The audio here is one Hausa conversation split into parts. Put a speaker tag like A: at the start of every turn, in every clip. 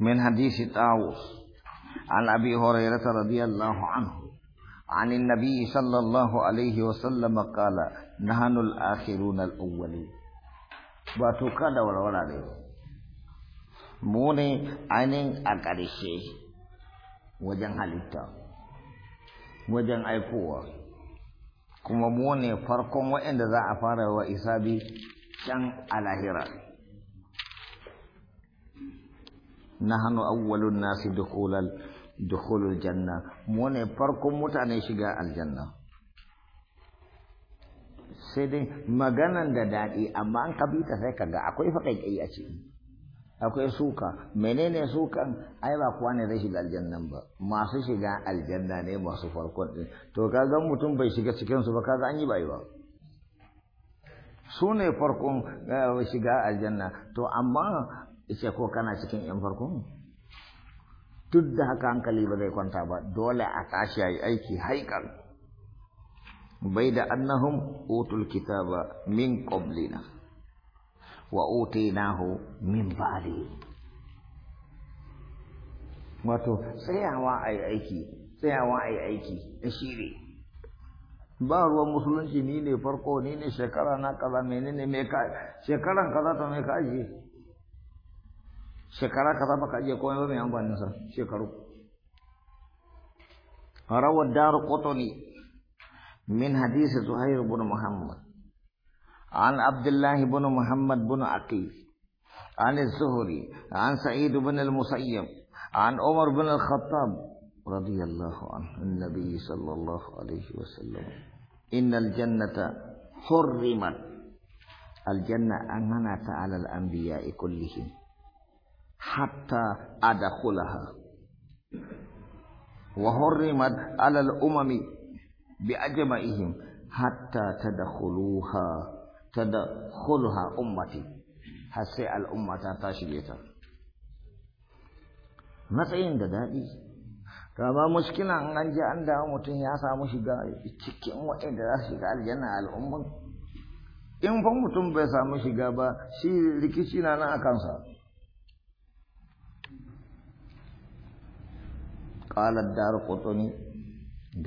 A: min hadisi طاووس an أبي هريرة رضي الله عنه عن النبي صلى الله qala, وسلم قال نحن الآخرون الأولين وتقال ولا ولا mu ne ainihin a ƙarshe wajen halitta wajen aikowa kuma mune, farkon waɗanda za a fara wa isabi can a lahira nahnu awwalun nasi dukhulal dukhulul janna mu ne farkon mutane shiga aljanna sai dai maganan da daɗi amma an kabita sai kaga akwai faƙaiƙai a ciki akwai suka menene sukan ai ba kuwa ne zai shiga aljannan ba masu shiga aljanna ne masu farkon din to kaga mutum bai shiga cikin su ba kaza an yi bai ba su ne farkon eh, shiga aljanna to amma ishe ko kana cikin yan farko duk da haka hankali ba zai kwanta ba dole a tashi yayi aiki haikal bai da annahum utul kitaba min qablina wa utinahu min ba'di wato tsayawa ayi aiki tsayawa ayi aiki shiri ba ruwan musulunci ni ne farko ni ne shekara na kaza menene me ka shekaran kaza ta me ka ji shekara kaza baka ajiye komai ba mai amfanin sa shekaru روى الدار قطني من حديث زهير بن محمد عن عبد الله بن محمد بن عقيل عن الزهري عن سعيد بن المسيب عن عمر بن الخطاب رضي الله عنه النبي صلى الله عليه وسلم إن الجنة حرمت الجنة أنهنت على الأنبياء كلهم hatta ada wa hurrimat ala al-umami bi ajma'ihim hatta tada tadkhuluha ummati har sai al'ummata ta shige ta matsayin da daɗi kama muskila in an je an dawo mutum ya samu shiga cikin waɗanda za su in fa mutum bai samu shiga ba shi rikici na a kansa قال الدار قطني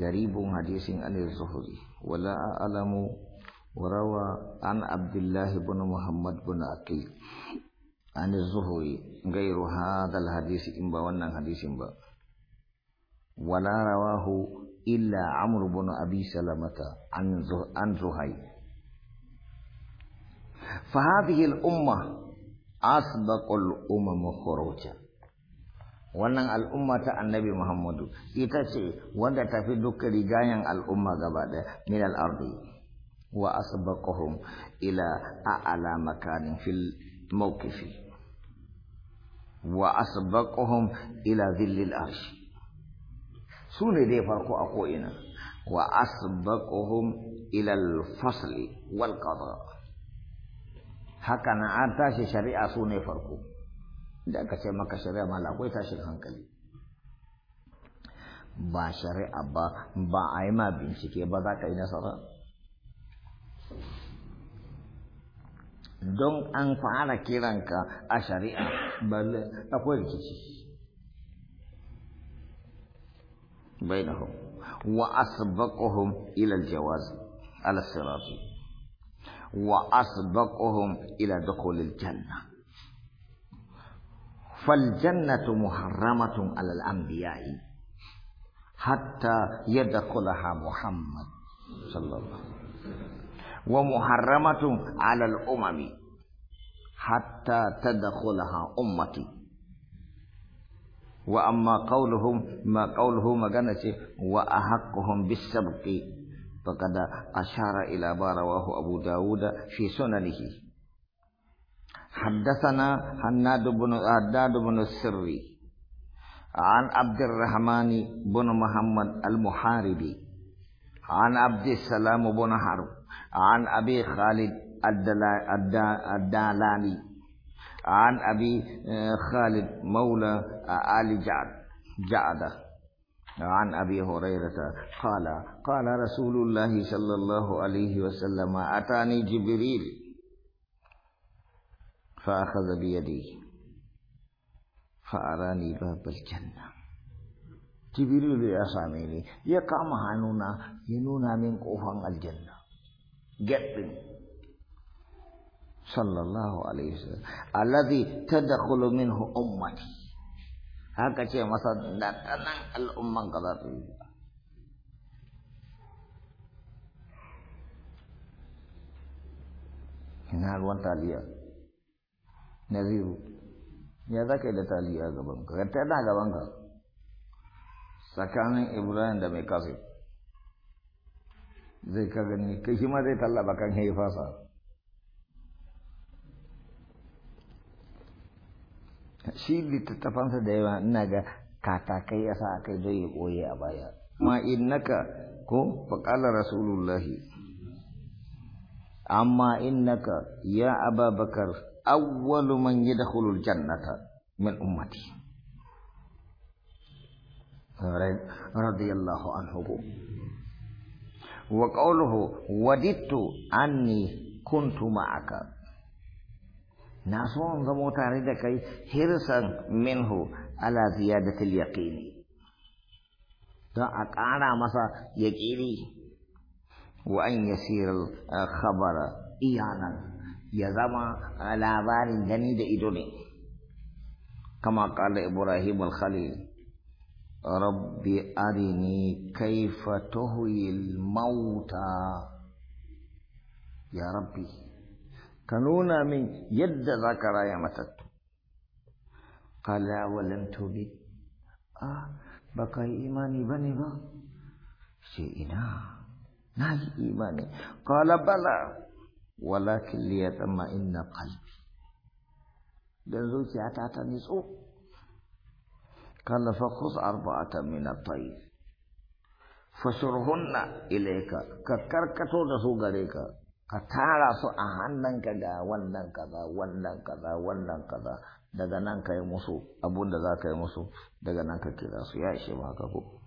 A: غريب حديث عن الزهري ولا أعلم وروى عن عبد الله بن محمد بن عقيل عن الزهري غير هذا الحديث إن ونن حديث إن ولا رواه إلا عمرو بن أبي سلمة عن زهير فهذه الأمة أصدق الأمم خروجا wannan al'umma ta annabi muhammadu ita ce wanda ta fi dukkan rigayen al'umma gaba da min al'ardi wa asbaqahum ila a'la makanin fil mawqifi wa asbaqahum ila dhillil arsh su ne dai farko a ko'ina wa asbaqahum ila al-fasli wal qada haka na an tashi shari'a su ne farko da aka ce maka shari'a ma akwai tashin hankali ba shari'a ba ba a yi ma bincike ba za ka yi nasara don an fara kiranka a shari'a akwai rikici bainahum wa asbaquhum ila aljawaz ala sirati wa asbaquhum ila dukhul aljanna فالجنة محرمة على الأنبياء حتى يدخلها محمد صلى الله عليه وسلم ومحرمة على الأمم حتى تدخلها أمتي وأما قولهم ما قوله ما قالت وأحقهم بالسبق فقد أشار إلى ما رواه أبو داود في سننه حدثنا حناد بن عداد بن السري عن عبد الرحمن بن محمد المحاربي عن عبد السلام بن حرب عن أبي خالد الدالاني عن أبي آه، خالد مولى آه، آل جعد جعدة عن أبي هريرة قال قال رسول الله صلى الله عليه وسلم أتاني جبريل فأخذ بيدي فأراني باب الجنة جبريل يا ساميني يا كما هانونا ينونا من قفان الجنة جبن صلى الله عليه وسلم الذي تدخل منه أمتي هكذا مثلا داتنا الأمة قدر Nah, luan talian. naziru ya za ka yi da taliya gaban ka ka tana gaban ka tsakanin ibrahim da mai kasir zai ka gani kai shi ma zai tallaba kan ya yi fasa shi littattafansa da yawa ina ga katakai ya sa kai don ya koye a baya ma innaka ko faƙala rasulullahi amma innaka ya Aba Bakar. أول من يدخل الجنة من أمتي رضي الله عنه وقوله وددت أني كنت معك ناسون ضموت تاردك حرصا منه على زيادة اليقين don a مسا masa وأن يسير الخبر إيانا يا زما على بار جني دئدوني كما قال إبراهيم الخليل ربي أرني كيف تهوي الموتى يا ربي كنونا من يد ذكر يا متت قال ولم تبي آه بقى إيماني بني با شيئنا نا إيماني قال بلى walakin li yatma'inna qalbi dan zuciyata ta nitso kala fa khus arba'atan min at-tayr fasurhunna ka karkato da su gare ka ka tara su a hannunka ga wannan kaza wannan kaza wannan kaza daga nan ka yi musu abun da za ka yi musu daga nan ka kira su ya ishe ba ka ko